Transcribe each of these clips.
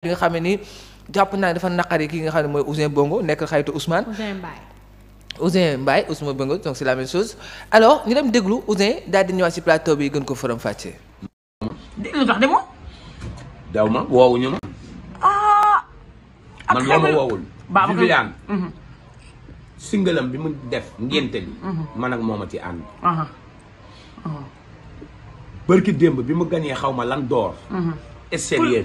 bi nga xam ne ni jàpp naa dafa naqari kii nga xam ne mooy Ouzin Bongo nekk xaytu Ousmane. Ouzin Mbaye. Ouzin Mbaye Ousmane Bongo donc c'est la même chose déglu Ouzin daal di ñëwaat ci plateau bi gën ko faram fàccee. dégg nga tax demoo. daw ma woowuñu ma. Ah! man moo ma woowul. baax Viviane. Mhm. singalam bi mu def ngénte li mhm. man ak moom a ci ànd. barki démb bi mu ganee xaw ma lan door. Mhm. extérieur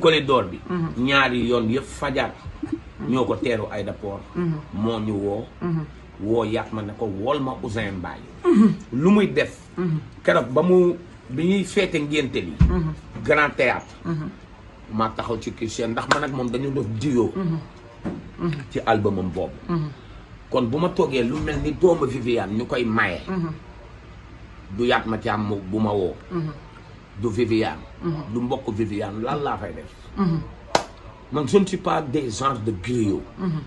corridor bi mhm. ñaari yoon yëpp fajar mhm. ñoo ko teeru aéroport mhm. moo ñu woo woo yaat ma ne ko wol ma Ouzin Mbaye lu muy def keroog ba mu bi ñuy feete ngénte li grand théâtre maa taxaw ci Christian ndax man ak moom dañu def duo ci albumam boobu kon bu ma toogee lu mel ni doomu Viviane ñu koy maye du yaat ma ci am bu ma woo du Viviane. Mhm. du mbokk Viviane lan laa fay def. Mhm. man je ne suis des genres de griot. Mhm.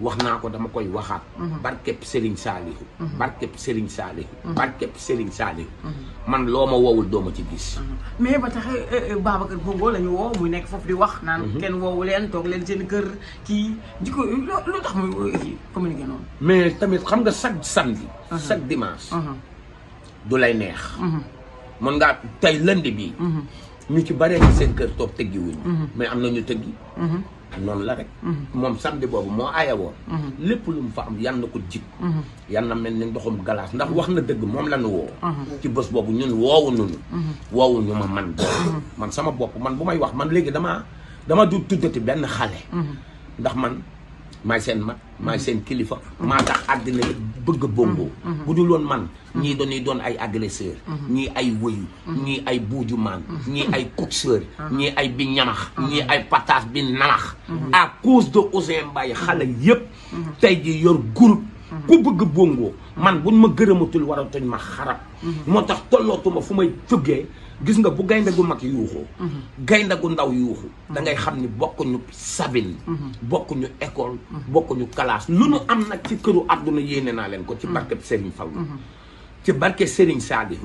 wax naa ko dama koy waxaat. barkeb Serigne Saliou. barkeb Serigne Saliou. barkeb Serigne Saliou. man loo ma woowul doo ma ci gis. mais ba tax eh, eh, Babacar Bongo la ñu woo muy nekk foofu di wax naan. kenn woowu leen toog leen seen kër kii di ko lu tax muy communiqué noonu. mais tamit xam nga chaque samedi. chaque dimanche. du lay neex. mën ngaa tey lënd bi mhm. ñu ci baree ci seen kër toog tëggi wuñ mhm. mais am na ñu tëggi mhm. noonu la rek moom samedi boobu moo aaye lépp lu mu fa am yan na ko jig yan na mel ni ndoxum galaas ndax wax na dëgg moom la nu woo ci bés boobu ñun woowu nunu woowu ñu ma man man sama bopp man bu may wax man léegi damaa dama du tuddati benn xale ndax man maay seen ma maay mm-hmm. seen kilifa maa tax àddina bëgg bongo mm-hmm. bu dul woon man mm-hmm. ñii dañuy doon ay agresseur ñii ay wëyu ñii ay buujumaan ñii ay coxeur ñii ay bi ñamax ñii ay pataas bi nanax à cause de Ouzin Mbaye xale yépp tey ji yor groupe ku bëgg bongo man buñ ma gërëmatul waratuñ ma xarab mhm. moo tax tollootuma fu may jógee gis nga bu gaynde gu mag yuuxu mhm. gaynde gu ndaw yuuxu mhm. dangay xam ni bokkuñu sabin bokkuñu école bokkuñu kalaas lu nu am nag ci këru yéene naa leen ko ci barkeb Serigne Fall ci barke Serigne Sadi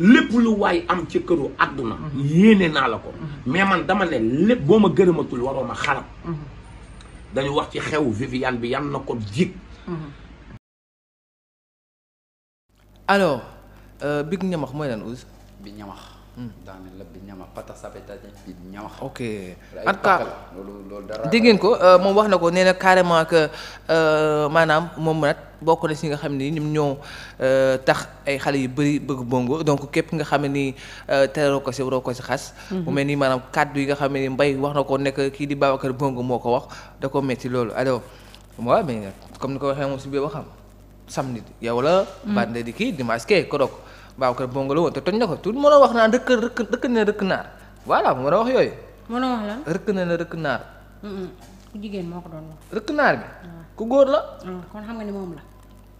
lépp lu am ci këru àdduna yéene naa la ko mais man dama ne lépp boo ma gërëmatul waroo ma xarab dañu wax ci xew Viviane bi yan na ko jig alors euh, bi ñamax mooy lan Ousse. bi ñamax. Hmm. daanaka la bi ñamax pata sapeta bi ñamax. ok ngeen ko euh, moom wax na ko nee na carrément que euh, maanaam moom nag bokk na si nga xam ne ñoom ñoo tax ay xale yu bëri bëgg bongo donc képp nga xam ne nii teroo ko si waroo ko si xas. Mhm. mu mel ni maanaam kàddu yi nga xam ne mbay wax na ko nekk kii di Babacar Bongo moo ko wax da ko metti loolu alors waaw mais comme ni ko waxee moom si biir waxam. samedi yow la. bande di kii dimanche kee ko doog baaw kër bongo la woon te toj na ko tout mënoo wax naan rëkk rëkk na rëkk naar voilà mënoo wax yooyu. wax lan rëkk na na rëkk naar. ku jigéen moo ko doon wax. rëkk bi. ku góor la. kon xam nga ni moom la.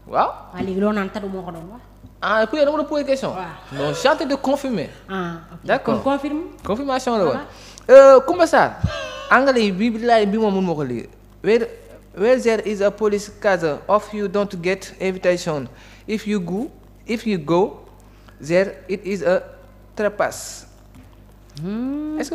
waaw. waaw léegi loo naan tadu moo ko doon wax. ah puudar dama la posé question. waaw non de confirmer. ah d' accord la woon. Koumba Sarr. anglais yi bii bi laay bi moom mun moo ko liggéey. where there is a police gather of you don't get invitation if you go if you go there it is a trespass. Hmm. est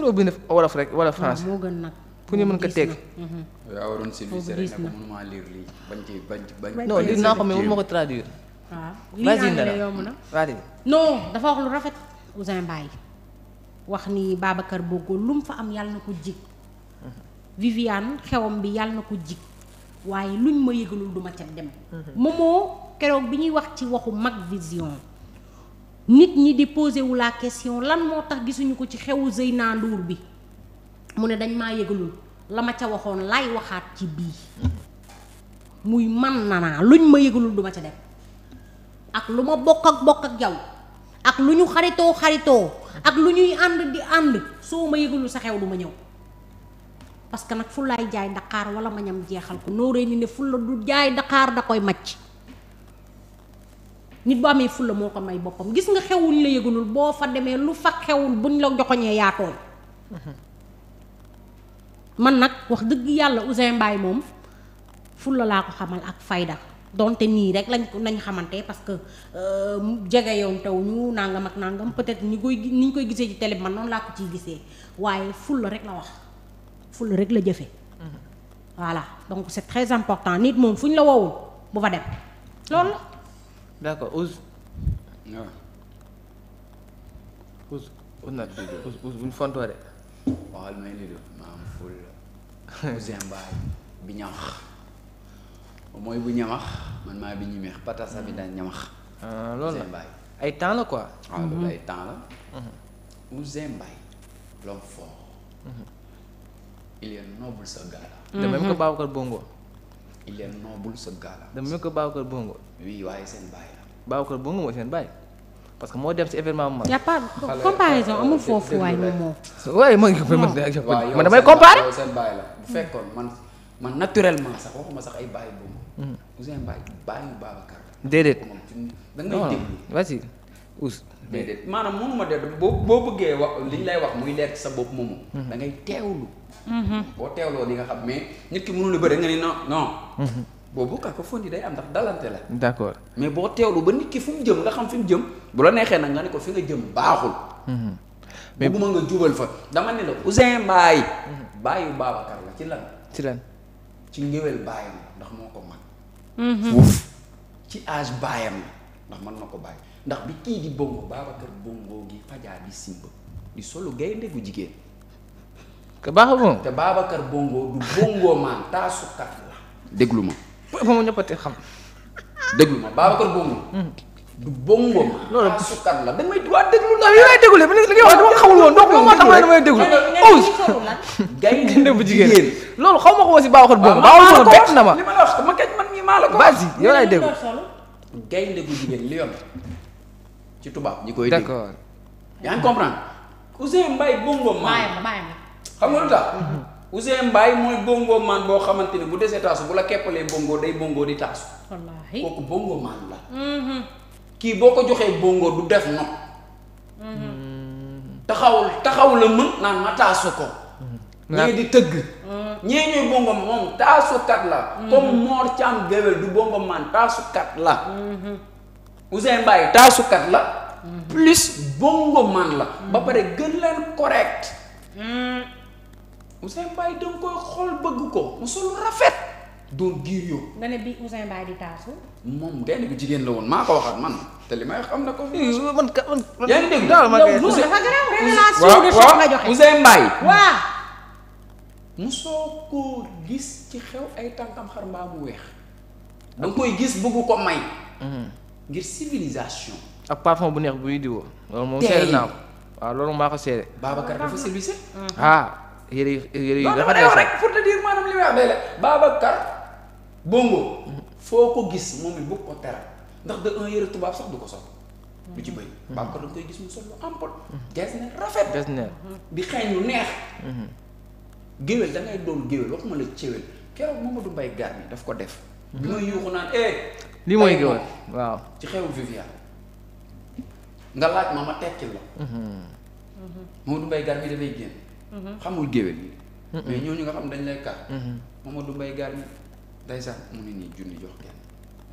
wolof rek wala ah, français. moo gën nag pour ñu mën ko teg. Mhm. yaa waroon civilisé rek ne ko mënuma lire lii naa ko mais mënuma ko traduire. waaw ah. lii naa ne yomb na vas-y non dafa wax lu rafet Ouzin Mbaye wax ni Babacar lu mu fa am yàlla na ko jig. Mhm. Viviane xewam bi yàlla na ko jig. waaye lu luñ ma yëgalul duma ca dem moomoo keroog bi ñuy wax ci waxu mag vision nit ñi di posé wu la question lan moo tax gisuñu ko ci xewu Zeyna Ndour bi mu ne dañ maa yëgalul la ma ca waxoon laay waxaat ci bii muy man nanaa luñ ma yëgalul duma ca dem ak lu ma bokk ak bokk ak yow ak lu ñu xaritoo xaritoo ak lu ñuy ànd di ànd soo ma yëgalul sa xew du ma ñëw parce que nag fulaay jaay Dakar wala ma ñam jeexal ko nooree ni ne fulla du jaay Dakar da koy màcc nit bu amee fulla moo ko may boppam gis nga xewuñ la yëgalul boo fa demee lu fa xewul buñ la joxoñee yaatooñ man nag wax dëgg yàlla Ouzin Mbaye moom fulla laa ko xamal ak fayda donte nii rek lañ nañ xamante parce que euh, jege yoon taw ñu nangam ak nangam peut-être ni koy ni ñu koy gisee ci télé man noonu laa ko ciy gisee waaye fulla rek la wax ful rek la jëfee. voilà donc c' est très important nit moom fu ñu la wowul bu fa dem loolu la. d' accord Ousse. waaw Ousse bu ñu fontoo de. waxal may li def ma ful. Ousseyn Mbaye bi ñamax mooy bu ñamax man maa bi ñimeex patasa bi daan ñamax. Ah, loolu la ay temps la quoi. waaw ah, loolu mhm. ay temps la. Mhm. Ousseyn Mbaye l'homme fort. Mhm. il est noble ce gars-là. de même que Babacar Bongo. il est noble ce gars-là. de même que Babacar Bongo. oui waaye seen baay la. Babacar moo dem ci événement bi. y' a pas comparaison ah, amul foofu waay moom moo. waaye man man damay comparer. seen baay la bu fekkoon man man naturellement sax waxuma ay baay boobu. Ouzin hmm. Mbaye baayu us déedéet maanaam mënuma de boo boo bëggee wax li ñu lay wax muy leer ci sa bopp moomu mhm. da ngay teewlu mhm. boo teewloo di nga xam mais nit ki mënul bëri nga ni non non mhm. boobu yi day am ndax dalante la d'accord mais boo teewlu ba nit ki fu mu jëm nga xam fi mu jëm bu la neexee nag nga ne ko fi nga jëm baaxul mais bu ma nga jubal fa dama ne la Ouzin Mbaye bàyyi Babacar la ci lan ci lan ci ngéwél baayam ndax moo ko man fuuf ci âge baayam la ndax man ma ko bàyyi ndax bi kii di bongo Babacar bongo gi fajaa bi simba di solo gaynde gu jigéen te baaxul te Babacar bongo du bongo maan taasukat la déglu ma moom ñëppati xam déglu ma Babacar bongo hmm. du bongo maan loolu taasukat la dañ may waa déglu ndax li may déglu li ngay wax dama xamul woon donc damay déglu gaynde oh. xaw ma ko woon si Babacar bongo baaxul woon bett na ma li ma la wax ma kañ man mii gaynde gu jigéen lion ci tubaab ñi koy dégg d'accord yaa ngi comprendre Ouzin Mbaye bongo maan xam nga lu tax Ouzin Mbaye mooy bongo maan boo xamante ne bu desee taasu bu la keppalee bongo day bongo di taasu wallaahi kooku bongo maan la mm-hmm. kii boo ko joxee bongo du def noonu mm-hmm. taxaw taxaw la mën naan ma taasu ko ñii di tëgg ñii ñuy bongo moom taasukat la mm-hmm. comme Mor Thiam Géwél du bongo man taasukat la mm-hmm. Ousseyn Mbaye taasukat la mm-hmm. plus bongo man la ba pare gën leen correct Ousseyn Mbaye danga koy xool bëgg ko mu rafet doon giir yow nga ne bi Ousseyn Mbaye di taasu moom benn bi jigéen la woon maa ko waxaat man te li may xam na ko man yaa ngi dégg daal ma kay Ousseyn Mbaye soo koo gis ci xew ay tànkam xar mbaa bu weex da koy gis bëggu ko may mhm. ngir civilisation ak parfum bu neex bu diwoo loolu moom seede naa ko waaw loolu maa ko seede Babacar dafa civilisé yi dafa neex rek pour ko gis moom ndax de un yére du ko sol lu ci bëri mhm. Babacar da nga koy gis mu sol lu ample des mhm. ne rafet des ne di xeeñ lu neex géwél da ngay doon géwél waxuma la céwél keroog ko def. bi may yuuxu naan eh, mooy géwél waaw. ci xewu Viviane nga laaj ma ma tekkil la. Mhm. Mamadou Mbaye mhm. xamul géwél yi. Mhm. mais ñooñu nga xam dañ lay kar. Mamadou Mbaye gar mi ndeysaan mu ne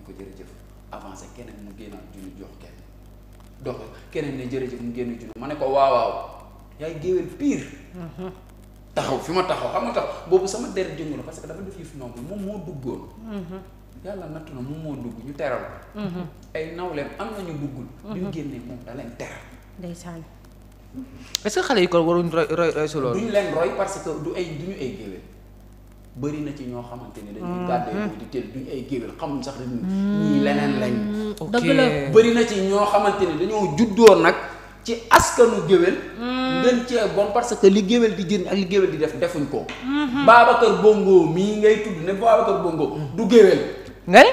ko jërëjëf avancé keneen mu génnaat junni jox kenn dox keneen ne jërëjëf mu génn junni ma ne ko waaw waaw yaay géwél pire. taxaw fi ma taxaw xam nga tax boobu sama der jëngu la parce que dafa def yëf noonu moom moo duggoon. Mhm. yàlla nattu na moom moo dugg ñu teral mhm. ay nawleem am na ñu duggul. bi mu mhm. génnee moom da leen teral. ndeysaan. est-ce que xale yi kon waruñ roy roy que du ay duñu na ci ñoo xamante ne dañuy gàddee di teel duñ ay géwél xamuñ sax dañuy. ñii leneen lañ. ok bëri na ci ñoo xamante dañoo juddoo nag. ci askanu géwél hmm. ngeen cee bon parce que li géwél di jëriñ ak li géwél di def defuñ ko hmm. Babacar Bongo mii ngay tudd ne Babacar Bongo du géwél nga ne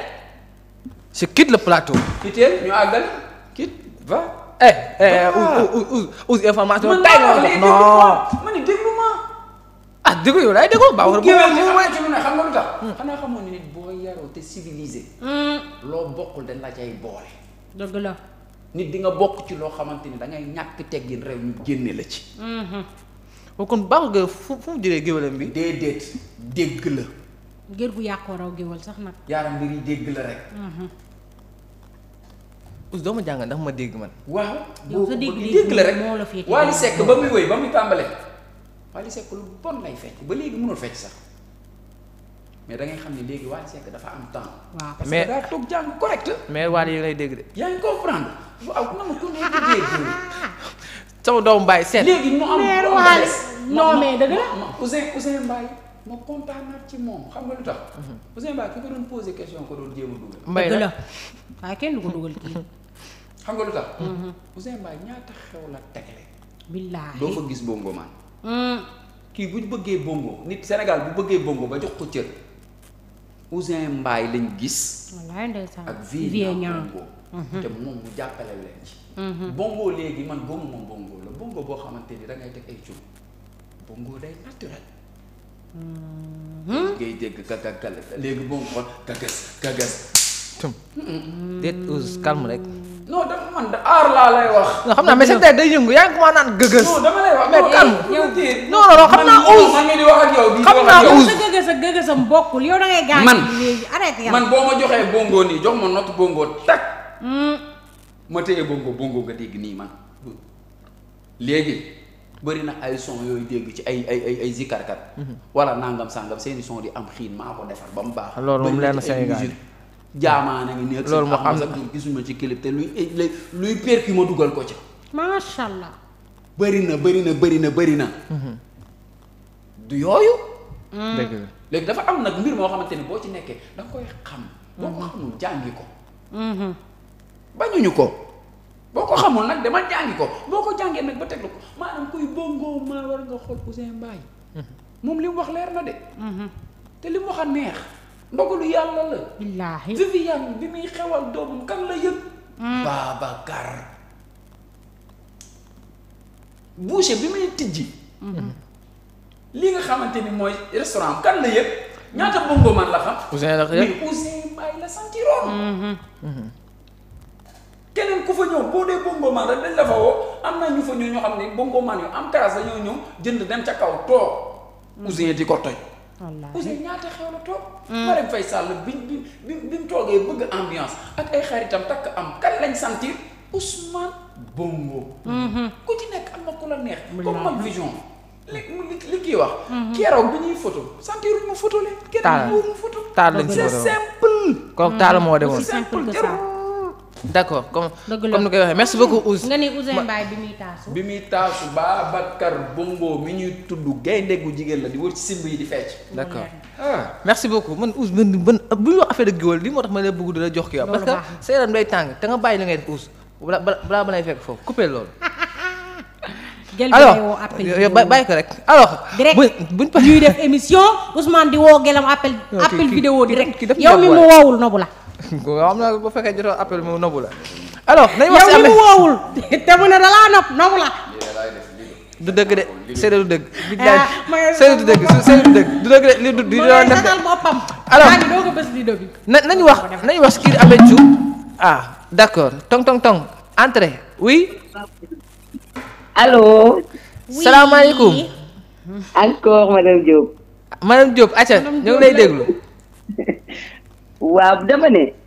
si quitte le plateau quitteel ñu àggal quitte va eh eh, eh us information tay nga wax non ma ne déglu ma ah déglu yow laay déglu Babacar géwél mu may ne xam nga lu tax hmm. xanaa xamoon ne nit boo yaroo te civilisé loo bokkul dañ la boole nit di nga bokk ci loo xamante ni dangay ñàkk ñàkk teggin réew ñu génne la ci. Mhm. kon baaxul nga fu fu mu jëlee géwalam bi. déedéet dégg la. gér gu yàqoo raw géwal sax nag. yaaram mbir yi dégg la rek. Mhm. us doo ma jàngal ndax ma dégg man. waaw boo dégg la rek moo la féetee. Wally Seck ba muy wéy ba muy tàmbalee Wally lu bon lay fecc ba léegi mënul fecc sax. mais da ngay xam ne léegi Wally Seck dafa am temps. waaw parce que daa toog jàng correct. mais Wally yi lay dégg de. yaa ngi comprendre waaw ku ma ku nekk dégg. sama doomu Mbaye seet. léegi mu am mais Wally non mais dëgg la Ousseyn Ousseyn Mbaye ma kontaanaat ci moom xam nga lu tax. Mhm. Ousseyn posé question ko doon a dugal. mbay la la waaye kenn ko dugal xam nga lu tax. Mhm. Ousseyn Mbaye ñaata xew la tegale. billaahi doo fa gis bongo man. Mm. kii bu ñu bëggee bongo nit Sénégal bu bëggee bongo ba jox ko cër. Ousin mbaay lañ gis. wallaay ndeysaan ak Vieux Niang mhm. te moom mu jàppale leen ci. Mhm. bongo léegi man bongo moom bongo la bongo boo xamante ni dangay ngay ay cub bongo day naturel. Mhm. ngay dégg kaka léegi bongo kagas kagas. tëm. déet calme rek. non da man da aar laa lay wax. non xam naa mais seen day yëngu yaa ngi ko naan gëgës. non dama lay wax mais kan. xam naa uus sa gëgës ak gëgësam bokkul man boo ma joxee bongo nii jox ma note bongo tak hmm. ma téye bongo bongo nga dégg nii man léegi. bëri na ay son yooyu dégg ci ay ay ay ay zikarkat. Mhm. wala nangam sangam seeni son di am xiin maa ko defar ba mu baax. loolu moom leer na Sénégal jaamaana ngi nekk. loolu moo am sax gisuma ci clip te luy luy percu ma dugal ko ca. macha allah. bëri na bëri na bëri na bëri na. Mhm. du yooyu. Mm. dëgg léegi dafa am nag mbir moo xamante ne boo ci nekkee da koy xam. boo ko mm-hmm. xamul jàngi ko. Mm-hmm. bañuñu ko. boo ko xamul nag dama jàngi ko boo ko jàngee nag ba teg la ko maanaam kuy bongo maa war nga xool Ouzin Mbaye. Mhm. moom li wax leer na de. Mm-hmm. te li wax a neex. ndogalu yàlla la. billaahi Viviane bi muy xewal doom kan la yëg. Hmm. Babacar. boucher bi muy tijji. Hmm. li nga xamante ni mooy restaurant kan la yëg ñaata bongo man la xam. Ousseyn hmm. keneen ku fa ñëw boo dee bongo man rek dañ la fa woo am na ñu fa ñëw ñoo xam ne bongo man yu am classe la ñëw jënd dem ca kaw toog. Ousseyn di ko toj. wallaahi Ousseyn ñaata xew la toog. Marème Faye Sall bi bi bi mu toogee bëgg ambiance ak ay xaritam takk am kan lañ sentir Ousmane Bongo. Mhm. ku ci nekk am na ku la neex. comme man vision li li kii wax. Mhm. keroog bi ñuy photo sentir mu photo leen. taal taal lañ photo c'est simple. kooku taal moo demoon simple jarul. d' accord comme comme ni koy waxee merci beaucoup Ousse. nga ni Ousseyn Mbaye bi ñuy tudd gaynde gu jigéen la di wër ci simb yi di fecc. d' accord ah. merci beaucoup man Ousse man man bu ñu wax affaire géwél lii moo tax ma lay bëgg di la jox kii waaw. parce que sa yaram day tàng te nga bàyyi li ngay def Ousse balaa balaa ma lay fekk foofu coupé alors bàyyi ko rek alors. direct buñ ñuy def émission Ousmane di woo gelam appel. appel vidéo direct yow mi mu woowul nobu la. nga xam naa bu fekkee jotoo appel mu nobu la. alors nañ wax si yow mi du dëgg de Seydou du dëgg. ah maye Seydou du dëgg du dëgg du dëgg du di de. alors na wax nañu wax kii Ameth ah d' accord tong tong tong entrée oui. allo. salaamaaleykum. encore madame Diop. madame Diop acca ñu ngi lay déglu. waaw dama ne